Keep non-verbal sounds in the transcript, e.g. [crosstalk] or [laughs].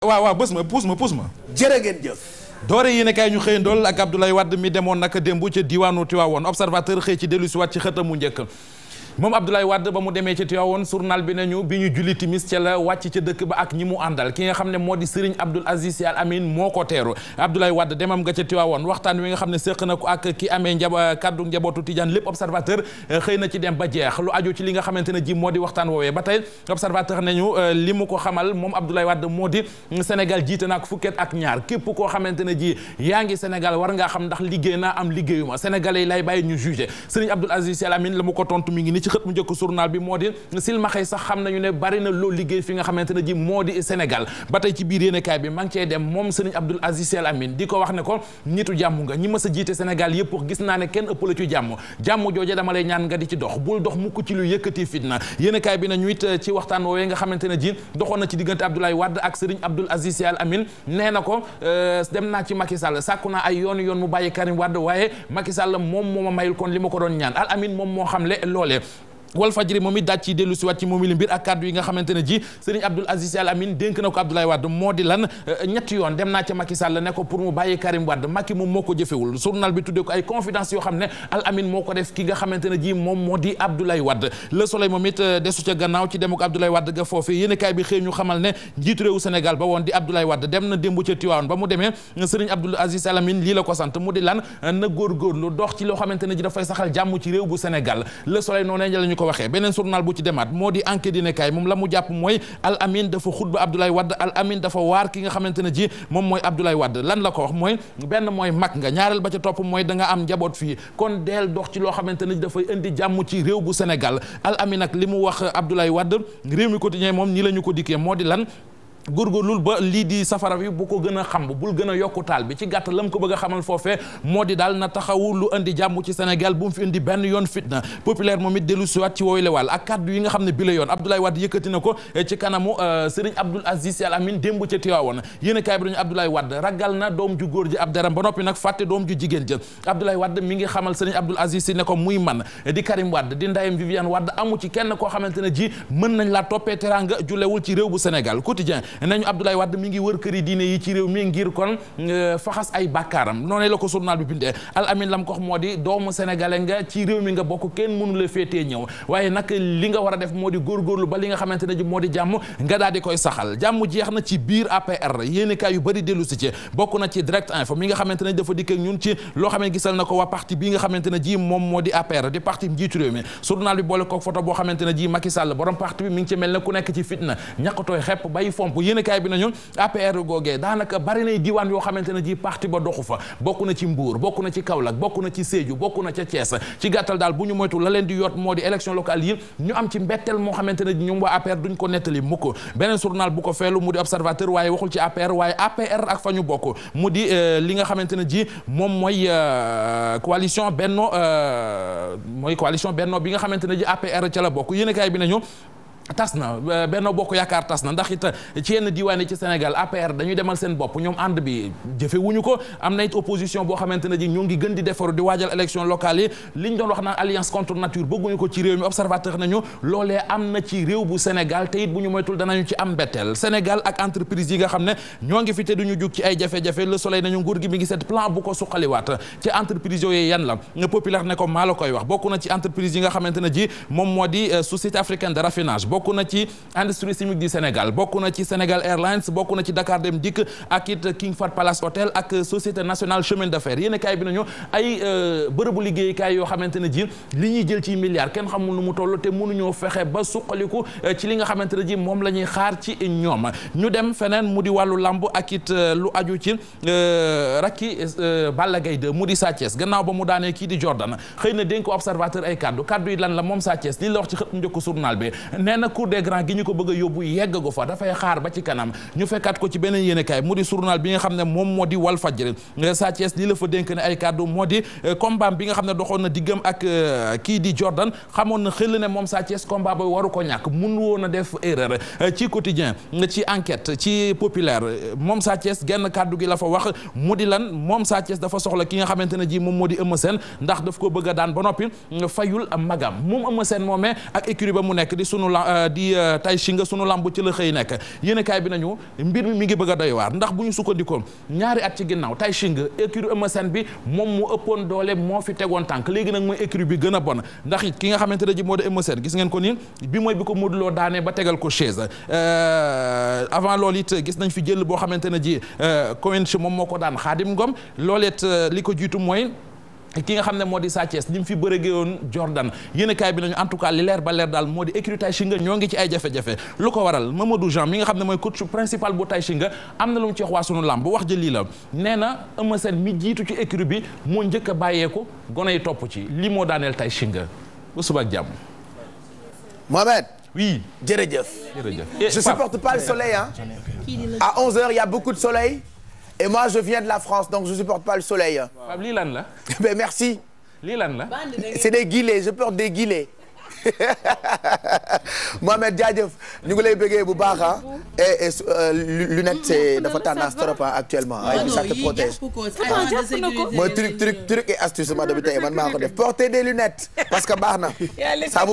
waaw waaw bës ma puus ma puus ma. jërë ngeen jëf. doore yéen kaay ñu xëyandool ak Abdoulaye wadd mi demoon naka démb ca diwaanu Tiwaawoon observateur xëy ci dellusiwaat ci xëtamu njëkk. moom Abdoulaye Wade ba mu demee ci Tivaouane journal bi nañu bi ñu julli timis ca la wàcc ca dëkk ba ak ñi mu àndal ki nga xam ne moo di Serigne Abdoul Aziz Sy Al Amine moo ko teeru Abdoulaye Wade demam nga ca Tivaouane waxtaan wi nga xam ne séq na ko ak ki amee njaba euh, kaddu njabootu Tidiane lépp observateur euh, xëy na ci dem ba jeex lu ci li nga xamante ne ji moo di waxtaan woowee ba tey observateur nañu euh, li mu ko xamal moom Abdoulaye Wade moo di Sénégal jiite naa ko fukket ak ñaar képp koo xamante ne ji yaa ngi Sénégal war ngaa xam ndax liggéey naa am liggéeyu ma sénégalais yi lay bàyyi ñu jugé Serigne Abdoul Aziz mu ngi ni ci xët mu njëkk journal bi moo di silmaxey sax xam nañu ne bari na loo liggéey fi nga xamante ne ji moo di Sénégal ba tey ci biir kaay bi maa ngi cey dem moom Serigne Abdoul Aziz Sy Al Amine di ko wax ne ko nitu jàmm nga ñi mës a jiite Sénégal yëpp gis naa ne kenn ëpp la jàmm jàmm jooje dama lay ñaan nga di ci dox bul dox mukk ci lu yëkkati fitna yéenekaay bi na ñu it ci waxtaan woowee nga xamante ne ji doxoon na ci diggante Abdoulaye Wade ak Serigne Abdoul Aziz Sy Al Amine nee na ko euh, dem naa ci Macky Sall sàkku naa ay yoon yoon mu bàyyi Karim Wade waaye Macky Sall moom moo ma mayul kon li ma ko doon ñaan Al amin moom moo xam le loolee wal fajri moom it daaj ci dellu si waat ci moom li mbir ak kàddu yi nga xamante ne ji Serigne Abdoul Aziz Al dénk na ko Abdoulaye Wade moo di lan euh, ñetti yoon dem naa ca Macky Sall ne pour mu bàyyi Karim Wade Macky moom moo ko jëfewul journal bi tuddee ko ay confidence yoo xam ne Al Amin moo ko def ki nga xamante ne ji moom moo di Abdoulaye Wade Le Soleil moom it euh, desu ca gannaaw ci dem ak Abdoulaye Wade ga foofu yéen bi xëy xamal ne njiitu euh, la ko sant mu di lan na góorgóorlu dox loo xamante ne ji dafay saxal jàmm ci réew bu ko waxee beneen journal bu ci demaat moo di enquête dina kaay moom la mu jàpp mooy al amin dafa xutba Abdoulaye wadd al amin dafa waar ki nga xamante ne ji moom mooy Abdoulaye wadd lan la ko wax mooy benn mooy mag nga ñaareel ba ca topp mooy danga am njaboot fii kon deel dox ci loo xamante ne dafay indi jàmm ci réew bu Sénégal al amin nag li mu wax Abdoulaye wadd réew mi ko quotidien moom ñi la ñu ko dikkee moo di lan góorgóorlul ba lii di safara bi bu ko gën a xam bul gën a yokku taal bi ci gàtt lam ko bëgg a xamal foofee moo di daal na taxawu lu indi jàmm ci Sénégal bu mu fi indi benn yoon fitna populaire moom it dellu siwaat ci wooyu lewaal ak kaddu yi nga xam ne bi yoon Abdoulaye Wade yëkkati na ko eh, ci kanamu eh, Serigne Abdoul Aziz Sy Al Amine démb ca Tiwaawoon yéen a bi dañu Abdoulaye Wade ragal na doom ju góor ji ab daram ba noppi nag fàtte doom ju jigéen ja Abdoulaye Wade mi ngi xamal Serigne Abdoul Aziz Sy ko muy man eh, di Karim Wade di ndayam Viviane Wade amu ci kenn koo xamante ne ji mën nañ laa toppee teranga ju lewul ci réew bu Sénégal quotidien nañu Abdoulaye Wade mi ngi wër këri diine yi ci réew mi ngir kon euh, faxas ay bàkkaaram noonu la ko journal bi bindee al moo di doomu sénégalais nga ci réew mi nga bokk kenn mënu la féetee ñëw waaye nag li nga war a def moo di góorgóorlu ba li nga xamante ne ji moo di jàmm nga daal di koy saxal jàmm jeex na ci biir APR yéenekaay yu bëri dellu si ci bokk na ci direct info xamante ne dafa dikk loo xam ne gisal na ko waa parti bi nga xamante ne ji moom moo di APR di parti njiitu réew mi journal bi boole ko photo boo xamante ne ji Macky Sall borom parti ngi ci mel ne ku nekk ci fitna ñàkkatooy xepp bay fomp bu yéenekaay bi nañu APR googee daanaka bari nay diwaan yoo xamante ne ji parti ba doxu fa bokk na ci mbuur bokk na ci Kaolack bokk na ci Sédhiou bokk na ca Thiès ci gàttal daal bu ñu moytu la leen di yoot moo di élection locale yi ñu am ci mbetteel moo xamante ne ji ñoom waa APR duñ ko nettali mukk beneen journal bu ko feelu mu di observateur waaye waxul ci APR waaye APR ak fa ñu bokk mu di euh, li nga xamante ne ji moom mooy euh, coalition benno euh, mooy coalition benno bi nga xamante ne ji APR ca la bokk yéenekaay bi nañu tas na Benno Bokk Yaakaar tas na ndax it eh, ci yenn diwaan yi ci Sénégal APR dañuy demal seen bopp ñoom ànd bi jëfe wuñu ko am na it opposition boo xamante ne ji ñoo ngi gën di defaru di waajal élection locale yi li ñu doon wax naan alliance contre nature bëgguñu ko ci réew mi observateur nañu loolee am na ci réew bu Sénégal te it bu ñu moytul danañu ci am mbetteel Sénégal ak entreprise yi nga xam ne ñoo ngi fi te duñu jug ci ay jafe-jafe le soleil nañu nguur gi mi ngi seet plan bu ko suqaliwaat ci entreprise ko wax bokk na ci yi nga xamante ne ji moom moo di eh, société bokk na ci industrie chimique du Sénégal bokk na ci Sénégal Airlines bokk na ci Dakar Dem Dikk ak it King Fahd Palace Hotel ak Société Nationale Chemin d'Affaires yéen kaay bi nañu ay euh, bërëbu liggéeykaay yoo xamante ne ji li ñuy jël ci milliards kenn xamul nu mu toll te mënuñoo fexe ba suqaliku euh, ci li nga xamante ne ji moom la ñuy xaar ci ñoom ñu dem feneen mu di wàllu lamb ak it euh, lu aju ci rakki Balla Gaye 2 mu di Sa Thiès gannaaw ba mu daanee kii di Jordan xëy na dénk ko observateur ay kaddu kaddu yi lan la moom Sa Thiès la wax ci xët bi cour des grands gi ñu ko bëgg a yóbbu yegg go fa dafay xaar ba ci kanam ñu fekkaat ko ci beneen yéenekaay mu di journal bi nga xam ne moom moo di Walfadjri Sa Thiès li la fa dénk ne ay kàddu eh, na diggam ak eh, kii ne moom Sa Thiès combat booy waru ko ñàkk mun woon a def erreur eh, ci quotidien ci enquête ci populaire moom Sa genn kaddu gi la fa wax mu di lan moom Sa dafa soxla ki nga xamante ne ji moom moo di Eumeu seen ndax daf ko bëgg a daan ba noppi fayul magam moom Eumeu di euh, tay si nga sunu ci la xëy nekk yéen bi nañu mbir mi ngi bëgg a doy waar ndax bu ñu sukkandikoon ñaari at ci ginnaaw tay si nga écurie Eumeu Sène bi moom moo ëppoon doole moo fi tegoon tànk léegi nag mooy écurie bi gën a bon ndax ki nga xamante ne ji moo di Eumeu Sène gis ngeen ko ni bi mooy bi ko Modou Lo daanee ba tegal ko chaise euh, avant loolu it gis nañ fi jël boo xamante ne ji euh, Coenche moom moo ko daan Xaadim Ngom looleet li ko jiitu mooy ki nga xam ne moo di Sa Thiès fi bërëgeewoon Jordan yéenekaay bi nañu en tout cas li leer ba leer daal moo di écurie Tay Shinga ñoo ngi ci ay jafe-jafe lu ko waral Mamadou Jean mi nga xam ne mooy coach principal bu Tay Shinga am na lu mu ci waa sunu làmb wax ji la nee na seen mi jiitu ci écurie bi moo njëkk a bàyyeeku gone yi topp ci lii moo daaneel Tay Shinga ba suba ak jàmm. Mohamed. oui jërëjëf. jërëjëf je supporte pas le a beaucoup de soleil. et moi je viens de la France donc je supporte pas le soleil. waaw Pape lii lan la. mais [laughs] merci. lii lan la. c'est des guilets je porte des guilets. [laughs] Mohamed jaajëf ñu ngi lay bëggee bu baax ah. et et euh, lunette c'est mm-hmm. dafa tendance trop actuellement. ay ça te protège. mooy truc truc truc et astuce ma bi tey man maa ko def porter des lunettes parce que baax na. [laughs]